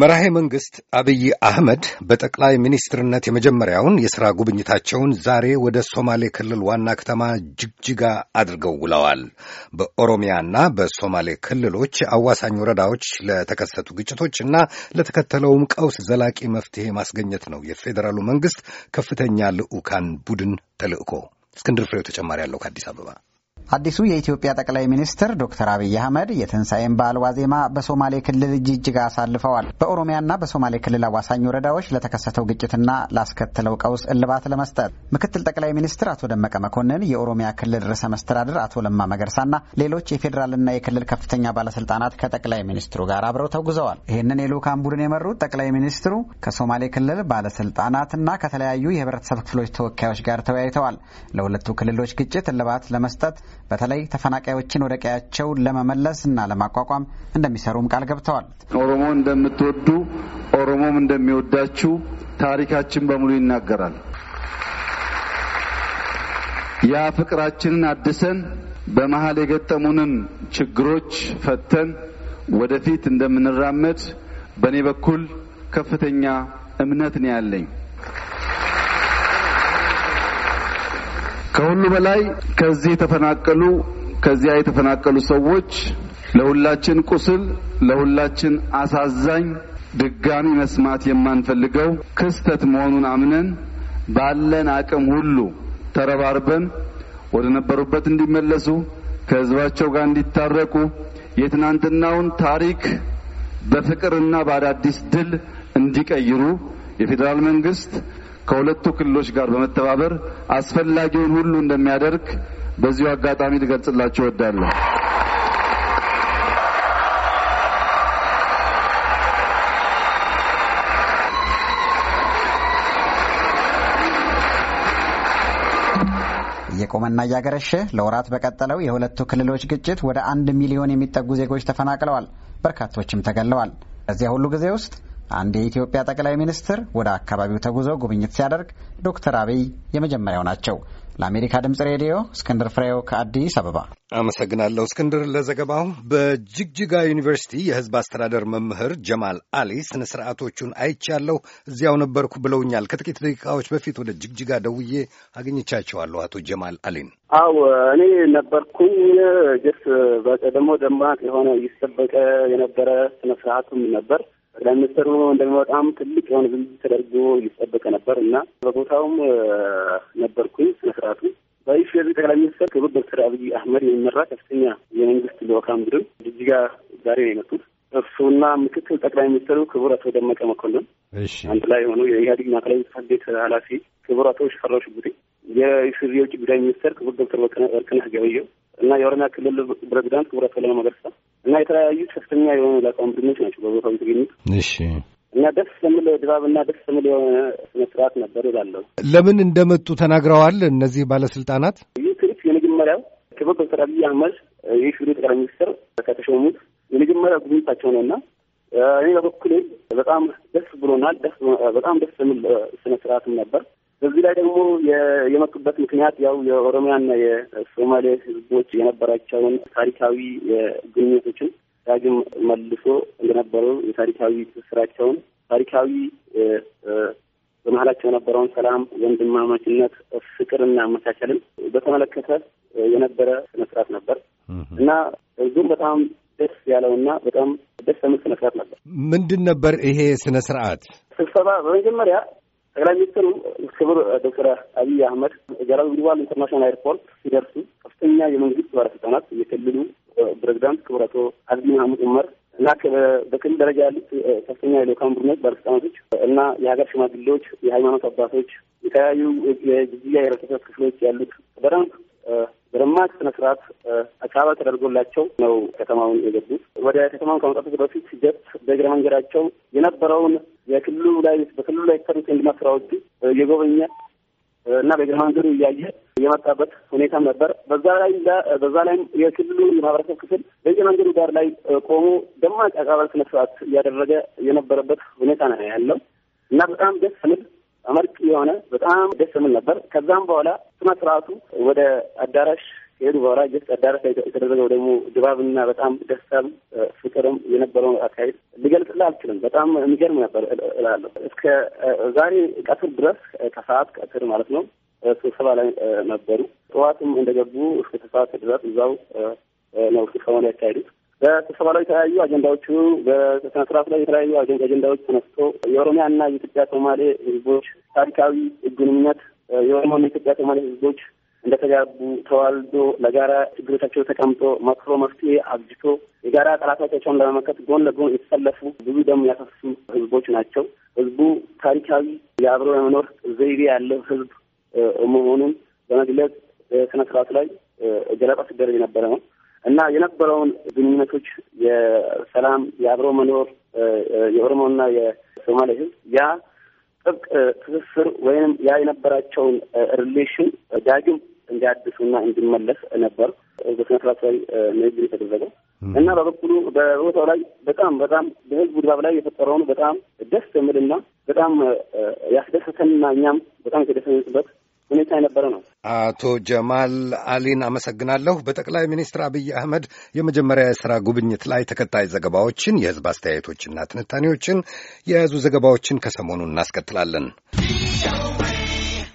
መራሄ መንግስት አብይ አህመድ በጠቅላይ ሚኒስትርነት የመጀመሪያውን የሥራ ጉብኝታቸውን ዛሬ ወደ ሶማሌ ክልል ዋና ከተማ ጅግጅጋ አድርገው ውለዋል። በኦሮሚያና በሶማሌ ክልሎች አዋሳኝ ወረዳዎች ለተከሰቱ ግጭቶች እና ለተከተለውም ቀውስ ዘላቂ መፍትሔ ማስገኘት ነው የፌዴራሉ መንግስት ከፍተኛ ልዑካን ቡድን ተልዕኮ። እስክንድር ፍሬው ተጨማሪ አለው ከአዲስ አበባ አዲሱ የኢትዮጵያ ጠቅላይ ሚኒስትር ዶክተር አብይ አህመድ የትንሣኤን በዓል ዋዜማ በሶማሌ ክልል ጅጅጋ አሳልፈዋል። በኦሮሚያና በሶማሌ ክልል አዋሳኝ ወረዳዎች ለተከሰተው ግጭትና ላስከተለው ቀውስ እልባት ለመስጠት ምክትል ጠቅላይ ሚኒስትር አቶ ደመቀ መኮንን፣ የኦሮሚያ ክልል ርዕሰ መስተዳድር አቶ ለማ መገርሳና ሌሎች የፌዴራልና የክልል ከፍተኛ ባለስልጣናት ከጠቅላይ ሚኒስትሩ ጋር አብረው ተጉዘዋል። ይህንን የልዑካን ቡድን የመሩት ጠቅላይ ሚኒስትሩ ከሶማሌ ክልል ባለስልጣናትና ከተለያዩ የህብረተሰብ ክፍሎች ተወካዮች ጋር ተወያይተዋል። ለሁለቱ ክልሎች ግጭት እልባት ለመስጠት በተለይ ተፈናቃዮችን ወደ ቀያቸው ለመመለስ እና ለማቋቋም እንደሚሰሩም ቃል ገብተዋል። ኦሮሞ እንደምትወዱ ኦሮሞም እንደሚወዳችሁ ታሪካችን በሙሉ ይናገራል። ያ ፍቅራችንን አድሰን በመሀል የገጠሙንን ችግሮች ፈተን ወደፊት እንደምንራመድ በእኔ በኩል ከፍተኛ እምነት ነው ያለኝ። ከሁሉ በላይ ከዚህ የተፈናቀሉ ከዚያ የተፈናቀሉ ሰዎች ለሁላችን ቁስል ለሁላችን አሳዛኝ ድጋሚ መስማት የማንፈልገው ክስተት መሆኑን አምነን ባለን አቅም ሁሉ ተረባርበን ወደ ነበሩበት እንዲመለሱ ከህዝባቸው ጋር እንዲታረቁ የትናንትናውን ታሪክ በፍቅርና በአዳዲስ ድል እንዲቀይሩ የፌዴራል መንግስት ከሁለቱ ክልሎች ጋር በመተባበር አስፈላጊውን ሁሉ እንደሚያደርግ በዚሁ አጋጣሚ ልገልጽላችሁ እወዳለሁ። እየቆመና እያገረሸ ለወራት በቀጠለው የሁለቱ ክልሎች ግጭት ወደ አንድ ሚሊዮን የሚጠጉ ዜጎች ተፈናቅለዋል፣ በርካቶችም ተገለዋል። በዚያ ሁሉ ጊዜ ውስጥ አንድ የኢትዮጵያ ጠቅላይ ሚኒስትር ወደ አካባቢው ተጉዞ ጉብኝት ሲያደርግ ዶክተር አብይ የመጀመሪያው ናቸው። ለአሜሪካ ድምፅ ሬዲዮ እስክንድር ፍሬው ከአዲስ አበባ አመሰግናለሁ። እስክንድር ለዘገባው። በጅግጅጋ ዩኒቨርሲቲ የህዝብ አስተዳደር መምህር ጀማል አሊ ስነ ስርዓቶቹን አይቻለሁ፣ እዚያው ነበርኩ ብለውኛል። ከጥቂት ደቂቃዎች በፊት ወደ ጅግጅጋ ደውዬ አገኘቻቸዋለሁ አቶ ጀማል አሊን። አው እኔ ነበርኩኝ። ጀስ በቀደሞ ደማቅ የሆነ እየተጠበቀ የነበረ ስነ ስርዓቱም ነበር ጠቅላይ ሚኒስትሩ እንደሚመ በጣም ትልቅ የሆነ ህዝብ ተደርጎ እየተጠበቀ ነበር እና በቦታውም ነበርኩኝ ስነስርዓቱ የዚህ ጠቅላይ ሚኒስትር ክቡር ዶክተር አብይ አህመድ የሚመራ ከፍተኛ የመንግስት ልዑካን ቡድን ጅጅጋ ዛሬ ነው የመጡት። እሱና ምክትል ጠቅላይ ሚኒስትሩ ክቡር አቶ ደመቀ መኮንን አንድ ላይ የሆኑ የኢህአዴግ ማዕከላዊ ጽሕፈት ቤት ኃላፊ ክቡር አቶ ሽፈራው ሽጉጤ፣ የኢፌዴሪ የውጭ ጉዳይ ሚኒስትር ክቡር ዶክተር ወርቅነህ ገበየሁ እና የኦሮሚያ ክልል ፕሬዚዳንት ክቡር አቶ መገርሳ እና የተለያዩ ከፍተኛ የሆኑ ላቃውን ቡድኖች ናቸው በቦታው የተገኙት። እሺ እና ደስ የሚል ድባብ እና ደስ የሚል የሆነ ስነስርዓት ነበር ይላለሁ። ለምን እንደመጡ ተናግረዋል እነዚህ ባለስልጣናት። ይህ ትርኢት የመጀመሪያው ክቡር ዶክተር አብይ አህመድ የኢፌዴሪ ጠቅላይ ሚኒስትር ከተሾሙት የመጀመሪያ ጉብኝታቸው ነው እና እኔ በበኩሌ በጣም ደስ ብሎናል። በጣም ደስ የሚል ስነስርዓትም ነበር። በዚህ ላይ ደግሞ የመጡበት ምክንያት ያው የኦሮሚያና የሶማሌ ህዝቦች የነበራቸውን ታሪካዊ ግንኙነቶችን ዳግም መልሶ እንደነበረው የታሪካዊ ትስስራቸውን ታሪካዊ በመሀላቸው የነበረውን ሰላም፣ ወንድማማችነት፣ ፍቅርና መቻቻልን በተመለከተ የነበረ ስነስርዓት ነበር እና እዚሁም በጣም ደስ ያለውና በጣም ደስ የሚል ስነስርዓት ነበር። ምንድን ነበር ይሄ ስነስርዓት ስብሰባ? በመጀመሪያ ጠቅላይ ሚኒስትሩ ክብር ዶክተር አብይ አህመድ ጀራዊ ግንባል ኢንተርናሽናል ኤርፖርት ሲደርሱ ከፍተኛ የመንግስት ባለስልጣናት፣ የክልሉ ፕሬዚዳንት ክብር አቶ አዝሚ መሐመድ ዑመር እና በክልል ደረጃ ያሉት ከፍተኛ የልኡካን ቡድኖች ባለስልጣናቶች እና የሀገር ሽማግሌዎች፣ የሃይማኖት አባቶች፣ የተለያዩ የጊዜያ የህብረተሰብ ክፍሎች ያሉት በደንብ በደማቅ ስነ ስርዓት አካባ ተደርጎላቸው ነው ከተማውን የገቡት። ወደ ከተማውን ከመጣቱ በፊት ጀት በእግረ መንገዳቸው የነበረውን የክልሉ ላይ በክልሉ ላይ የተሰሩት የልማት ስራዎች የጎበኘ እና በእግረ መንገዱ እያየ የመጣበት ሁኔታም ነበር። በዛ ላይ በዛ ላይም የክልሉ የማህበረሰብ ክፍል በእግረ መንገዱ ዳር ላይ ቆሞ ደማቅ አቀባበል ስነ ስርዓት እያደረገ የነበረበት ሁኔታ ነው ያለው እና በጣም ደስ የሚል አመርቂ የሆነ በጣም ደስ የሚል ነበር። ከዛም በኋላ ስነ ስርዓቱ ወደ አዳራሽ ከሄዱ በኋላ ጀስት አዳራሽ የተደረገው ደግሞ ድባብና በጣም ደስታም ፍቅርም የነበረውን አካሄድ ሊገልጽልህ አልችልም። በጣም የሚገርም ነበር እላለሁ። እስከ ዛሬ ቀትር ድረስ ከሰዓት ቀትር ማለት ነው ስብሰባ ላይ ነበሩ። ጠዋትም እንደገቡ እስከ ተሰዓት ድረስ እዛው ነው ስብሰባ ላይ ያካሄዱት። በስብሰባ ላይ የተለያዩ አጀንዳዎቹ በስነ ስርዓቱ ላይ የተለያዩ አጀንዳዎች ተነስቶ የኦሮሚያና የኢትዮጵያ ሶማሌ ህዝቦች ታሪካዊ ግንኙነት የኦሮሞና የኢትዮጵያ ሶማሌ ህዝቦች እንደተጋቡ ተዋልዶ ለጋራ ችግሮቻቸው ተቀምጦ መክሮ መፍትሄ አብጅቶ የጋራ ጠላቶቻቸውን ለመመከት ጎን ለጎን የተሰለፉ ብዙ ደም ያፈሱ ህዝቦች ናቸው። ህዝቡ ታሪካዊ የአብሮ የመኖር ዘይቤ ያለው ህዝብ መሆኑን በመግለጽ ስነ ስርዓቱ ላይ ገለጻ ሲደረግ የነበረ ነው። እና የነበረውን ግንኙነቶች የሰላም የአብሮ መኖር የኦሮሞና የሶማሌ ህዝብ ያ ጥብቅ ትስስር ወይም ያ የነበራቸውን ሪሌሽን ዳግም እንዲያድሱና እንዲመለስ ነበር በስነ ስርዓት ላይ ንግግር የተደረገው እና በበኩሉ በቦታው ላይ በጣም በጣም በህዝቡ ድባብ ላይ የፈጠረውን በጣም ደስ የሚልና በጣም ያስደሰተንና እኛም በጣም የተደሰንበት ሁኔታ የነበረ ነው። አቶ ጀማል አሊን አመሰግናለሁ። በጠቅላይ ሚኒስትር አብይ አህመድ የመጀመሪያ የስራ ጉብኝት ላይ ተከታይ ዘገባዎችን፣ የህዝብ አስተያየቶችና ትንታኔዎችን የያዙ ዘገባዎችን ከሰሞኑ እናስከትላለን።